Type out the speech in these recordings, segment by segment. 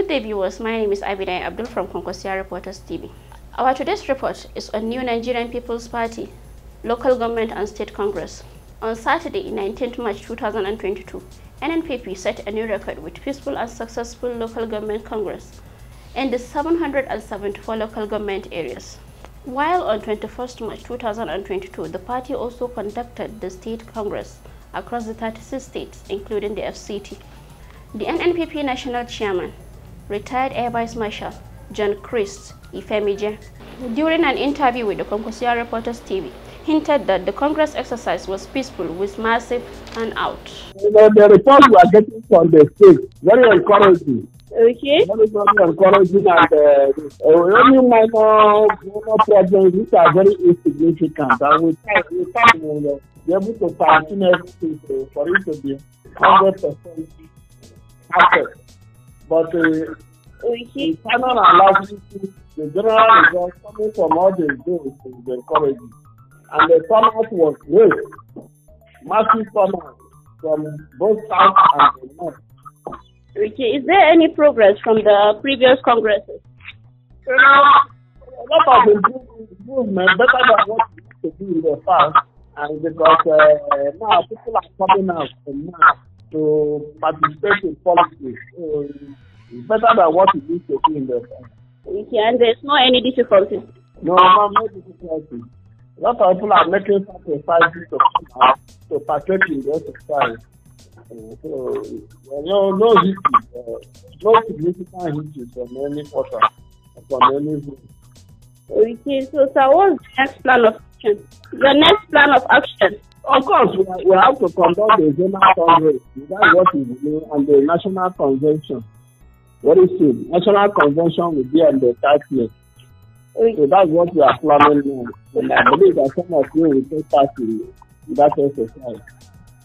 Good day viewers, my name is Abinay Abdul from Concosia Reporters TV. Our today's report is on New Nigerian People's Party, local government and state congress. On Saturday, 19th March 2022, NNPP set a new record with peaceful and successful local government congress in the 774 local government areas. While on 21st March 2022, the party also conducted the state congress across the 36 states, including the FCT. The NNPP national chairman, retired Air Vice Marshal John Christ Ifemije, during an interview with the Concosia Reporters TV, hinted that the Congress exercise was peaceful with massive turnout. You know, the report we are getting from the state very encouraging. Okay. Very, very encouraging and uh, uh only minor, minor problems which are very insignificant. And we can, we can uh, be able to fine everything for it to be 100% perfect. But uh, the final analysis, the general results coming from all the bills is encouraging. And the turnout was great. Massive turnout from both South and the North. Richie, is there any progress from the previous congresses? Uh, a lot of improvement, better than what we used to do in the past, and because uh, now people are coming out from now to participate in politics um, eh, is better than what it used to be in the Okay, and there's no any difficulty? No, no, no difficulty. A lot of people are making sacrifices to, uh, to partake in the exercise. Uh, eh, so, uh, no, no history, uh, no significant history from any quarter, from any group. Okay, so, sir, what's the next plan of action? The next plan of action? Of course, we, we have to conduct a general congress. That's what we do, and the national convention. What is it? National convention will be on the 30th. So that's what we are planning now. And I believe that some of you will take part in that exercise.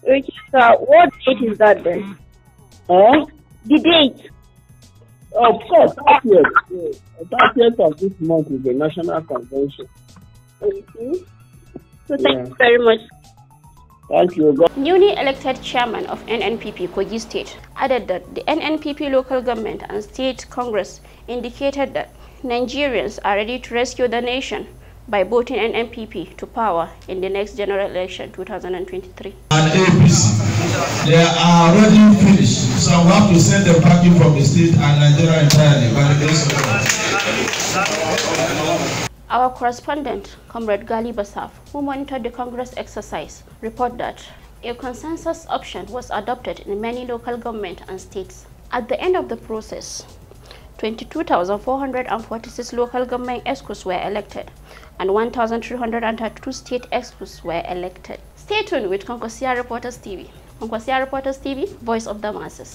Which is, uh, what date is that then? Huh? The date. Of course, thirtieth. th Uh, of this month is the national convention. Okay. So thank you very much. Thank you. Newly elected chairman of NNPP Kogi State added that the NNPP local government and state congress indicated that Nigerians are ready to rescue the nation by voting NNPP to power in the next general election 2023. And APC, they are already finished, so we have to send them packing from the state and Nigeria entirely by the grace of God. Our correspondent, Comrade Gali Basaf, who monitored the Congress exercise, reported that a consensus option was adopted in many local government and states. At the end of the process, 22,446 local government excuses were elected and 1,332 state excuses were elected. Stay tuned with Concosia Reporters TV. Concosia Reporters TV, voice of the masses.